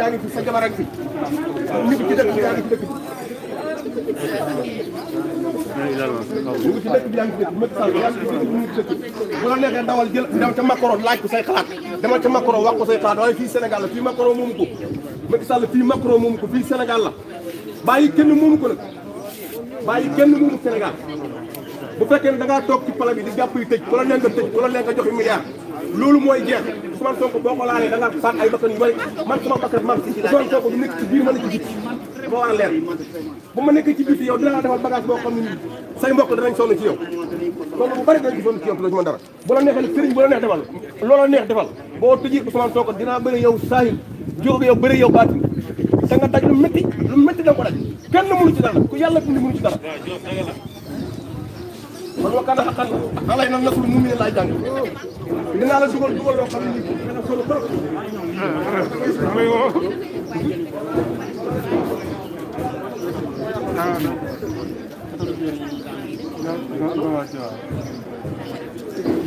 yaa ngi sa jabar ak fi nit ci dëkk bi yaa ngi fi dëkk bi nit ci dëkk bi yaa ngi fi dëkk bi Macky Sall yaa ngi fi dëkk bi bu la neexee dawal jël dem ca Macron laaj ko say xalaat demal fii Sénégal la fii Macron moomu ko Macky Sall fii Macron moomu ko fii Sénégal la bàyyi kenn moomu ko nag bàyyi kenn moomu Sénégal bu fekkee ne da toog ci pala di jàpp yi tëj ku la neex nga tëj ku la neex nga joxe milliard loolu mooy jeex Ousmane Sonko boo ko laalee da nga faat ay bakkan yu bari man sama bakkan man Ousmane Sonko du nekk ci biir ma nekk ci biti dafa war a leer bu ma nekk ci biti yow dinaa la defal bagage boo xam ne say mbokk a sonn ci yow sonn bu bari danañ ci sonn ci yow te doo ci mën dara bu la neexee sëriñ bu la neex defal loola neex defal boo tëjee Ousmane Sonko dinaa bëri yow saahir jóg yow bëri yow baatin da nga daj lu métti lu métti da nga man wa kana xaqan alay na nasul mu mine laay jàng dinaa la dugal dugal loo xam ne dina solo trop dinaa wax ak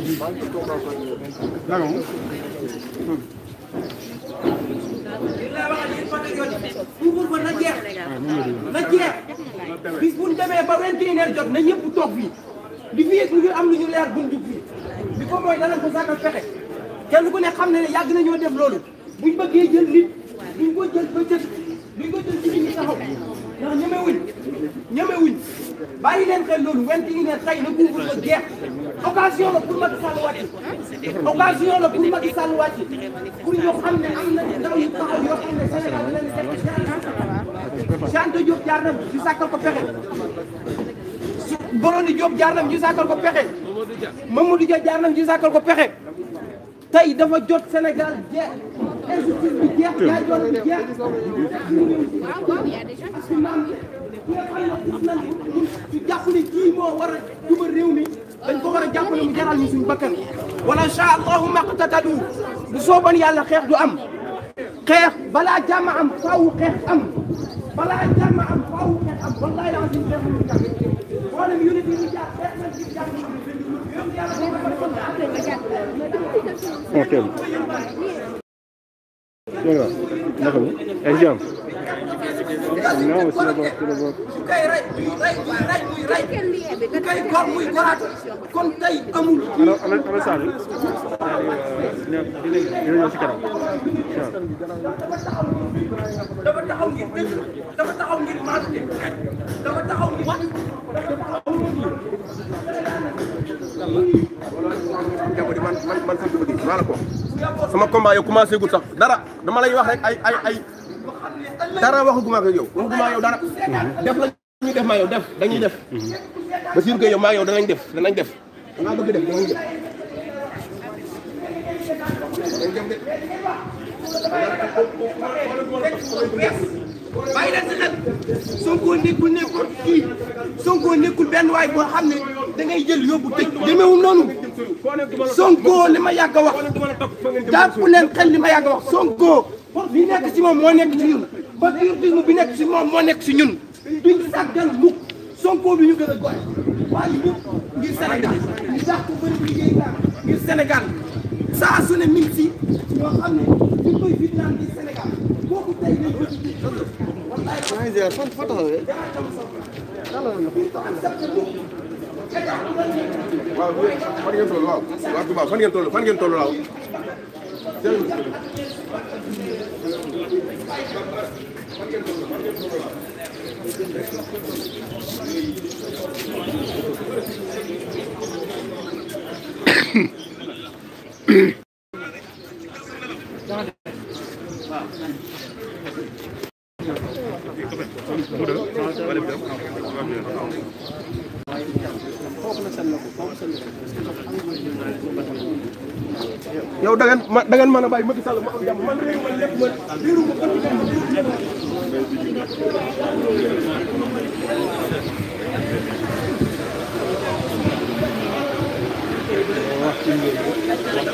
yéen fan la jot buubur ba na jeex na jeex bis bu ñu demee ba 21 heures jot na ñëpp toog fii di fi ñu am lu ñu leer buñ dugg fii li ko mooy danañ ko sàkkal pexe kenn ku ne xam ne ne yàgg nañoo def loolu buñ bëggee jël nit duñ ko jël ba jël duñ ko jël ci nit ñi taxaw ndax ñemewuñ ñemewuñ bàyyi leen xel loolu went yi ne tey na couvre la guerre occasion la pour Macky Sall wàcc occasion la pour Macky Sall wàcc pour ñoo xam ne am na ndaw yu taxaw yoo xam ne Sénégal leen seet Cheikh Anta Diop jaar na fi sàkkal ko pexe Borondi Diop jaar nam ñu sàkkal ko pexe Mamadou Dia jaar nam ko pexe tey dafa jot Sénégal jeex injustice jeex jaay jeex su naan ñi nga xam ne gis dañ ko a jàppale mu jaral ñu suñu bakkan wala incha allahu maqtatadu bu sooban yàlla xeex du am xeex balaa jàmm am faaw xeex am balaa jàmm am faaw xeex am xoolal unité bi jaar xeex nañ ci jàpp yoon yàlla ko ko après nga jàpp ok voilà naka mu ak jàmm non si la bokk si la bokk su koy rey rey rey muy rey su koy gor muy goraat kon tey amul alors alors ça dina ñëw si kanam dafa taxaw ngir dëgg dafa taxaw ngir maanute man Fatou maa la ko wax sama combat yow commencé gul sax dara dama lay wax rek ay ay ay dara waxaguma ak yow waxaguma ak yow dara. def la ñuy def maa yow def dañuy def. Bassirou Gueye yow maa yow danañ def danañ def dangaa bëgg def danañ def. danañ def bàyyi leen si xel Sonko nekkul nekkul kii Sonko nekkul benn waay boo xam ne da ngay jël yóbbu tëj demeewul noonu Sonko li ma yàgg a wax jàpp leen xel li ma yàgg a wax Sonko li nekk si moom moo nekk si ñun patriotisme bi nekk si moom moo nekk si ñun duñ sàggal mukk Sonko bi ñu gën a goy waaye ñu ngir Sénégal ñu ko bëri liggéey ngir Sénégal saa su ne mi si kooku tey dañ ko tuddee wallaay ko maa ngi ziar fan fa taxawee dalal na waaw fan ngeen toll waaw waa Touba fan ngeen toll fan ngeen toll waaw Hmm. yow da ngeen ma da ngeen mën a bàyyi Macky Sall mu am jàmm man réew man lépp man ma kon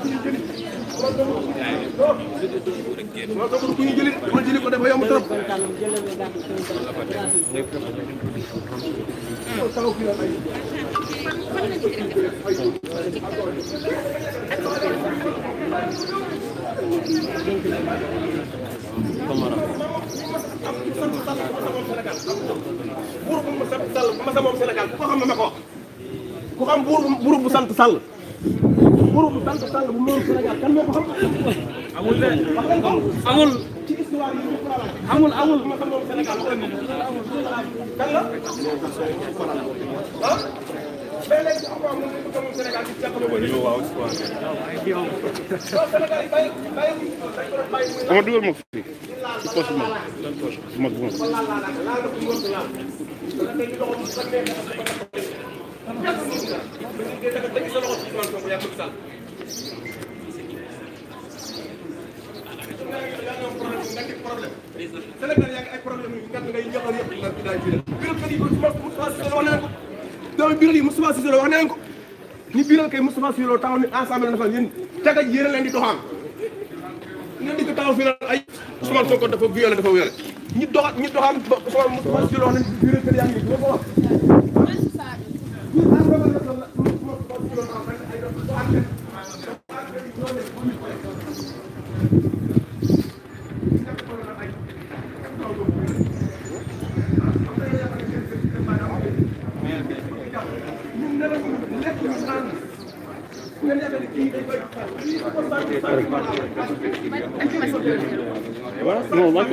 ma jëli ko dafa yomb trop. buur bu ma sant Sall bu ma sa moom Sénégal ku ko xam na ma ko sant Sall groupe bu sant sàng bu moom Sénégal kan moo ko xam. amul de amul. ci histoire yi amul amul. kan la. ah. mais léegi encore moom lañ ko moom Sénégal di jàppale ko nii. waaw Sénégal yi bàyyi bàyyi ko. dama dugal ma fii ci poche ma ci mag bu ma. Sénégal yaa ngi ay problème yu gàtt ngay joxal yëpp daal di leen. biiral kër yi Moustapha Cissé Lo wax na leen ko. doomu biiral yi Moustapha Cissé Lo wax na leen ko. ñu biiral kay Moustapha Cissé Lo taxaw ni ensemble dafa yéen tega yéen a leen di doxaan. ñun di ko taxaw fi naan ay. Ousmane Sonko dafa violé dafa violé. ñu doxaat ñu doxaan ba Ousmane Moustapha Cissé Lo wax nañu biiral kër yaa ngi nii ko wax. Voilà, non, on va